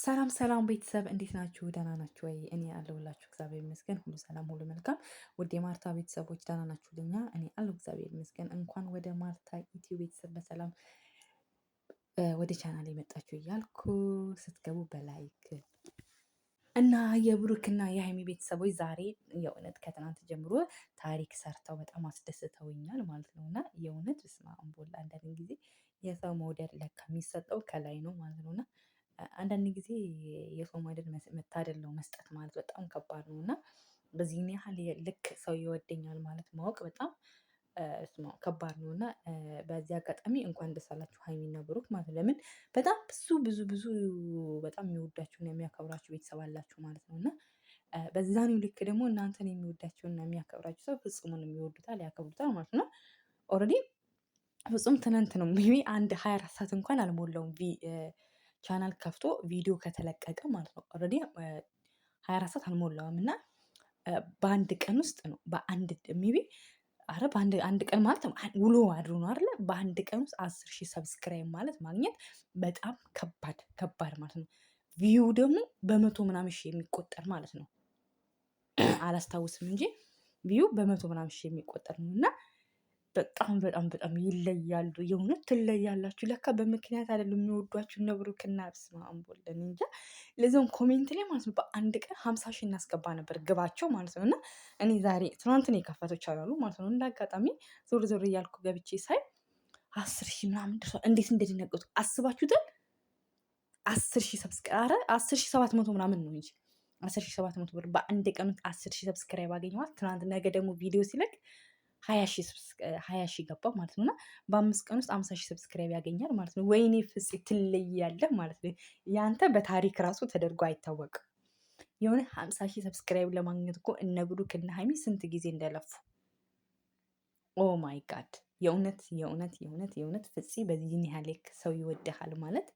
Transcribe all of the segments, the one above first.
ሰላም ሰላም ቤተሰብ እንዴት ናችሁ? ደህና ናችሁ ወይ? እኔ አለሁላችሁ እግዚአብሔር ይመስገን፣ ሁሉ ሰላም፣ ሁሉ መልካም። ውድ የማርታ ቤተሰቦች ደህና ናችሁልኛ? እኔ አለሁ እግዚአብሔር ይመስገን። እንኳን ወደ ማርታ ኢትዮ ቤተሰብ በሰላም ወደ ቻናል የመጣችሁ እያልኩ ስትገቡ በላይክ እና የብሩክና የሀይሚ ቤተሰቦች ዛሬ የእውነት ከትናንት ጀምሮ ታሪክ ሰርተው በጣም አስደስተውኛል ማለት ነው። እና የእውነት ስማ አንዳንድ ጊዜ የሰው መውደድ ለካ የሚሰጠው ከላይ ነው ማለት ነው እና አንዳንድ ጊዜ የሰው መውደድ መታደል ነው መስጠት ማለት በጣም ከባድ ነው። እና በዚህን ያህል ልክ ሰው ይወደኛል ማለት ማወቅ በጣም ከባድ ነው። እና በዚህ አጋጣሚ እንኳን ደስ አላችሁ ሀይሚና ብሩክ ማለት ለምን በጣም ብዙ ብዙ ብዙ በጣም የሚወዳችሁና የሚያከብራችሁ ቤተሰብ አላችሁ ማለት ነው። እና በዛኔው ልክ ደግሞ እናንተን የሚወዳችሁና የሚያከብራችሁ ሰው ፍጹሙን ይወዱታል ያከብሩታል ማለት ነው። ኦሬዲ ፍጹም ትናንት ነው ሜይቢ አንድ ሀያ አራት ሰዓት እንኳን አልሞላውም። ቻናል ከፍቶ ቪዲዮ ከተለቀቀ ማለት ነው ኦልሬዲ ሀያ አራት ሰዓት አልሞላውም እና በአንድ ቀን ውስጥ ነው በአንድ ሚቢ አረ አንድ ቀን ማለት ውሎ አድሮ ነው አለ በአንድ ቀን ውስጥ አስር ሺህ ሰብስክራይብ ማለት ማግኘት በጣም ከባድ ከባድ ማለት ነው። ቪዩ ደግሞ በመቶ ምናምን ሺህ የሚቆጠር ማለት ነው። አላስታውስም እንጂ ቪዩ በመቶ ምናምን ሺህ የሚቆጠር ነው እና በጣም በጣም በጣም ይለያሉ። የእውነት ትለያላችሁ ለካ በምክንያት አይደለም የሚወዷችሁ እነ ብሩክና በስመ አብ ወወልድ እንጃ። ለዛውም ኮሜንት ላይ ማለት ነው በአንድ ቀን ሀምሳ ሺህ እናስገባ ነበር ግባቸው ማለት ነው። እና እኔ ዛሬ ትናንትን የከፈቶች አላሉ ማለት ነው። እንደ አጋጣሚ ዞር ዞር እያልኩ ገብቼ ሳይ አስር ሺህ ምናምን ደርሷል። እንዴት እንደደነገጡ አስባችሁትን። አስር ሺህ ሰብስክራረ አስር ሺህ ሰባት መቶ ምናምን ነው እንጂ አስር ሺህ ሰባት መቶ ብር በአንድ ቀኑት አስር ሺህ ሰብስክራይብ አገኘኋት። ትናንት ነገ ደግሞ ቪዲዮ ሲለቅ ሀያ ሺህ ገባ ማለት ነው እና በአምስት ቀን ውስጥ አምሳ ሺህ ሰብስክራይብ ያገኛል ማለት ነው። ወይኔ ፍፄ ትለያለህ ማለት ነው። ያንተ በታሪክ ራሱ ተደርጎ አይታወቅም። የሆነ ሀምሳ ሺህ ሰብስክራይብ ለማግኘት እኮ እነ ብሩክ እና ሀይሚ ስንት ጊዜ እንደለፉ ኦ ማይ ጋድ የእውነት የእውነት የእውነት የእውነት ፍጽ በዚህን ያህል ሰው ይወድሃል ማለት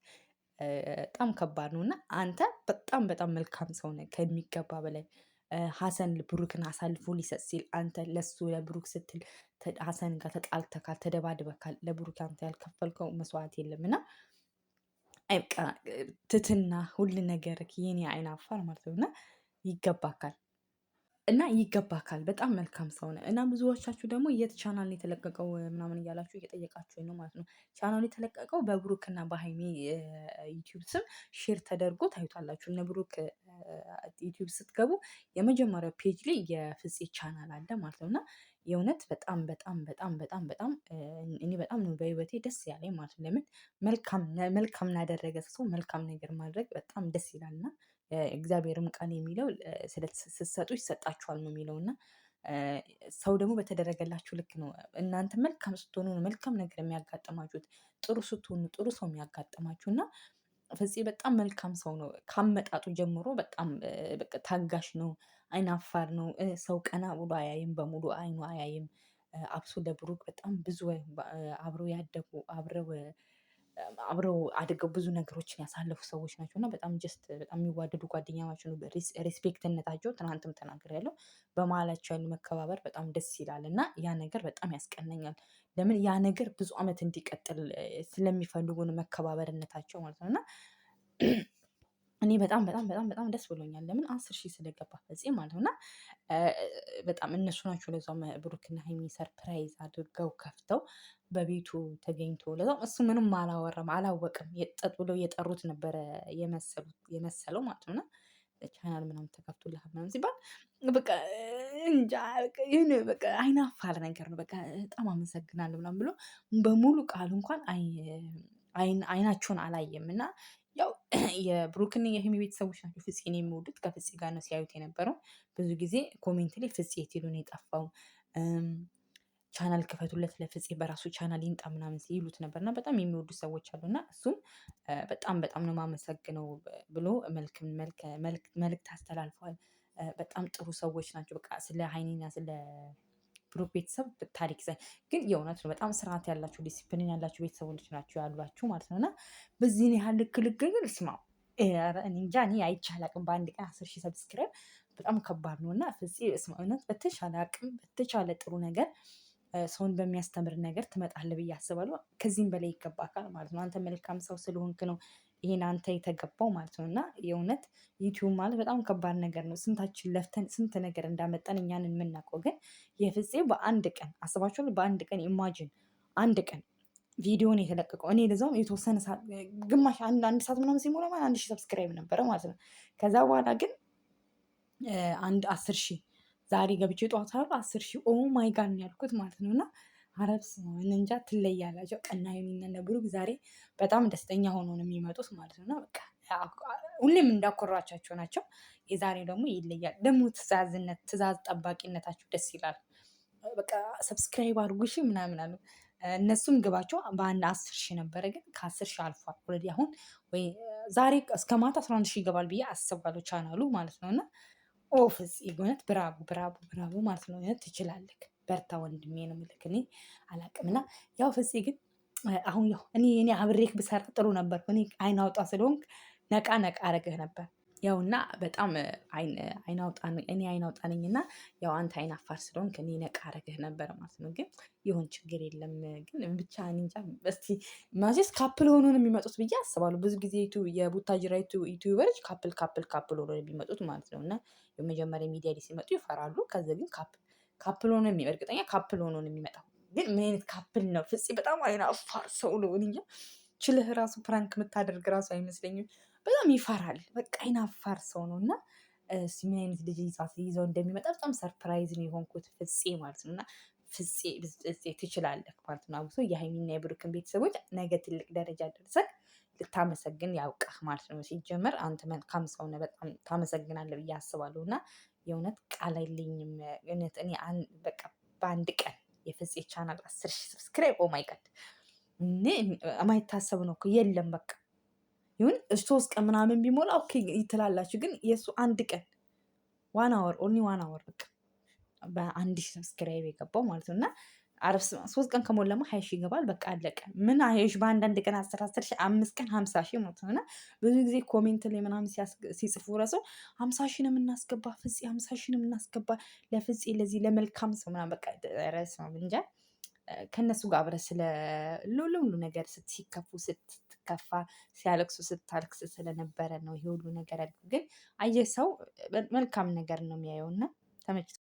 በጣም ከባድ ነው እና አንተ በጣም በጣም መልካም ሰው ነህ ከሚገባ በላይ ሀሰን ብሩክን አሳልፎ ሊሰጥ ሲል አንተ ለሱ ለብሩክ ስትል ሀሰን ጋር ተጣልተካል፣ ተደባድበካል። ለብሩክ አንተ ያልከፈልከው መስዋዕት የለም እና ትትና ሁሉ ነገር የኔ አይን አፋር ማለት ነው እና ይገባካል። እና ይገባካል። በጣም መልካም ሰው ነው። እና ብዙዎቻችሁ ደግሞ የት ቻናል ነው የተለቀቀው ምናምን እያላችሁ እየጠየቃችሁ ነው ማለት ነው። ቻናሉ የተለቀቀው በብሩክና በሀይሚ ዩቲዩብ ስም ሼር ተደርጎ ታዩታላችሁ። እነ ብሩክ ዩቲዩብ ስትገቡ የመጀመሪያው ፔጅ ላይ የፍፄ ቻናል አለ ማለት ነው እና የእውነት በጣም በጣም በጣም በጣም በጣም እኔ በጣም ነው በህይወቴ ደስ ያለኝ ማለት ነው። ለምን መልካም መልካም ላደረገ ሰው መልካም ነገር ማድረግ በጣም ደስ ይላል እና? እግዚአብሔርም ቃል የሚለው ስትሰጡ ይሰጣችኋል ነው የሚለው እና ሰው ደግሞ በተደረገላችሁ ልክ ነው። እናንተ መልካም ስትሆኑ መልካም ነገር የሚያጋጥማችሁት፣ ጥሩ ስትሆኑ ጥሩ ሰው የሚያጋጥማችሁ እና ፍፄ በጣም መልካም ሰው ነው። ካመጣጡ ጀምሮ በጣም ታጋሽ ነው። አይናፋር ነው። ሰው ቀና ብሎ አያይም፣ በሙሉ አይኑ አያይም። አብሶ ለብሩክ በጣም ብዙ አብረው ያደጉ አብረው አብረው አድገው ብዙ ነገሮችን ያሳለፉ ሰዎች ናቸው እና በጣም ጀስት በጣም የሚዋደዱ ጓደኛ ናቸው። ሬስፔክትነታቸው ትናንትም ተናገር ያለው በመሀላቸው ያሉ መከባበር በጣም ደስ ይላል እና ያ ነገር በጣም ያስቀነኛል። ለምን ያ ነገር ብዙ ዓመት እንዲቀጥል ስለሚፈልጉ ነው መከባበርነታቸው ማለት ነው እና እኔ በጣም በጣም በጣም በጣም ደስ ብሎኛል። ለምን አስር ሺህ ስለገባ ፈጽ ማለት ነው እና በጣም እነሱ ናቸው ለዛው ብሩክና ሀይሚ ሰርፕራይዝ አድርገው ከፍተው በቤቱ ተገኝቶ ለዛም እሱ ምንም አላወራም አላወቅም። ጠጥ ብለው የጠሩት ነበረ የመሰለው ማለት ነው። እና ቻናል ምናምን ተከፍቶልሃል ምናምን ሲባል በቃ እንጃ ይህን በቃ አይናፋል ነገር ነው። በቃ በጣም አመሰግናለሁ ምናምን ብሎ በሙሉ ቃሉ እንኳን አይናቸውን አላየም። እና ያው የብሩክን የህሚ ቤተሰቦች ናቸው ፍፄን የሚወዱት። ከፍፄ ጋር ነው ሲያዩት የነበረው። ብዙ ጊዜ ኮሜንት ላይ ፍፄ የት የጠፋው ቻናል ክፈቱለት ለፍፄ በራሱ ቻናል ይንጣ ምናምን ሲሉት ነበር እና በጣም የሚወዱ ሰዎች አሉና እሱም በጣም በጣም ነው ማመሰግነው ብሎ መልእክት አስተላልፈዋል። በጣም ጥሩ ሰዎች ናቸው። በቃ ስለ ሀይኒና ስለ ብሩክ ቤተሰብ ታሪክ ዘ ግን የእውነት ነው በጣም ስርዓት ያላችሁ ዲሲፕሊን ያላችሁ ቤተሰቦች ናቸው ያሏቸው ማለት ነው እና በዚህን ያህል ልክ ግን ስማው እንጃ እኔ አይቻላቅም በአንድ ቀን አስር ሺህ ሰብስክራይብ በጣም ከባድ ነው እና ፍፄ እውነት በተቻለ አቅም በተቻለ ጥሩ ነገር ሰውን በሚያስተምር ነገር ትመጣለ ብዬ አስባለሁ። ከዚህም በላይ ይገባካል ማለት ነው። አንተ መልካም ሰው ስለሆንክ ነው ይሄን አንተ የተገባው ማለት ነው። እና የእውነት ዩቲዩብ ማለት በጣም ከባድ ነገር ነው። ስንታችን ለፍተን ስንት ነገር እንዳመጠን እኛን የምናውቀው። ግን የፍፄ በአንድ ቀን አስባችሁታል? በአንድ ቀን ኢማጅን አንድ ቀን ቪዲዮ የተለቀቀው። እኔ ለዛውም የተወሰነ ሰዓት ግማሽ አንድ አንድ ሰዓት ምናምን ሲሞላ ማለት አንድ ሺህ ሰብስክራይብ ነበረ ማለት ነው። ከዛ በኋላ ግን አንድ አስር ሺህ ዛሬ ገብቼ ጠዋት አረብ አስር ሺህ ኦ ማይ ጋድ ነው ያልኩት ማለት ነው። እና አረብ እንጃ ትለያላቸው ቀና የሚነነ ብሩክ ዛሬ በጣም ደስተኛ ሆኖ ነው የሚመጡት ማለት ነው። በቃ ሁሌም እንዳኮራቻቸው ናቸው። የዛሬ ደግሞ ይለያል። ደግሞ ትእዛዝነት ትእዛዝ ጠባቂነታቸው ደስ ይላል። በቃ ሰብስክራይብ አድርጉሽ ምናምን አሉ። እነሱም ግባቸው በአንድ አስር ሺህ ነበረ፣ ግን ከአስር ሺህ አልፏል ኦልሬዲ። አሁን ወይ ዛሬ እስከ ማታ አስራ አንድ ሺህ ይገባል ብዬ አስባለሁ ቻናሉ ማለት ነው እና ኦፍስ ፍፄ እውነት ብራቦ ብራቦ ብራቡ ማለት ነው። እውነት ትችላለህ፣ በርታ ወንድሜ ነው የምልክ። እኔ አላቅምና ያው ፍፄ ግን አሁን ያው እኔ እኔ አብሬክ ብሰራ ጥሩ ነበር። እኔ አይናውጣ ስለሆንክ ነቃ ነቃ አረግህ ነበር። ያው እና በጣም አይን አውጣ እኔ አይን አውጣ ነኝ እና ያው አንተ አይን አፋር ስለሆን እኔ ነቃ አረግህ ነበር ማለት ነው። ግን ይሁን ችግር የለም። ግን ብቻ እንጃ እስቲ ማቼስ ካፕል ሆኖ ነው የሚመጡት ብዬ አስባለሁ። ብዙ ጊዜ የቡታጅራ ዩቲዩበሮች ካፕል ካፕል ካፕል ሆኖ ነው የሚመጡት ማለት ነው። እና የመጀመሪያ ሚዲያ ላይ ሲመጡ ይፈራሉ። ከዚ ግን ካፕል ሆኖ ነው እርግጠኛ ካፕል ሆኖ ነው የሚመጣው። ግን ምን አይነት ካፕል ነው ፍፄ? በጣም አይን አፋር ሰው ነው። እኔ እንጃ ችልህ ራሱ ፕራንክ የምታደርግ ራሱ አይመስለኝም። በጣም ይፈራል። በቃ አይናፋር ሰው ነው እና ምን አይነት ልጅ ይዘው እንደሚመጣ በጣም ሰርፕራይዝ ነው የሆንኩት ፍፄ ማለት ነው እና ፍፄ ትችላለህ ማለት ነው። አብሶ የሀይሚና የብሩክን ቤተሰቦች ነገ ትልቅ ደረጃ ደርሰህ ልታመሰግን ያውቃህ ማለት ነው። ሲጀመር አንተ መልካም ሰው ነህ፣ በጣም ታመሰግናለህ ብዬ አስባለሁ እና የእውነት ቃል አይለኝም እውነት እኔ በቃ በአንድ ቀን የፍፄ ቻናል አስር ሺህ ሰብስክራይብ ኦማይጋድ እኔ የማይታሰብ ነው የለም በቃ ይሁን ሶስት ቀን ምናምን ቢሞላ ኦኬ ይትላላችሁ። ግን የእሱ አንድ ቀን ዋና ወር ኦኒ ዋና ወር በቃ በአንድ ሺህ ሰብስክራይብ የገባው ማለት ነው እና አረብ ሶስት ቀን ከሞላማ ሀያ ሺህ ይገባል። በቃ አለቀ። ምን ሀያ በአንዳንድ ቀን አስር አስር ሺህ አምስት ቀን ሀምሳ ሺ ማለት ነው እና ብዙ ጊዜ ኮሜንት ላይ ምናምን ሲጽፉ ረሰው ሀምሳ ሺ ነው የምናስገባ ፍፄ ሀምሳ ሺ ነው የምናስገባ ለፍጽ ለዚህ ለመልካም ሰው ምናምን በቃ ረስ ነው እንጃ ከእነሱ ጋር አብረ ስለ ሁሉ ነገር ስትሲከፉ ስት ስትከፋ ሲያለቅሱ ስታልቅስ ስለነበረ ነው ይሄ ሁሉ ነገር ያልኩት። ግን አየህ ሰው መልካም ነገር ነው የሚያየውና ተመችቶ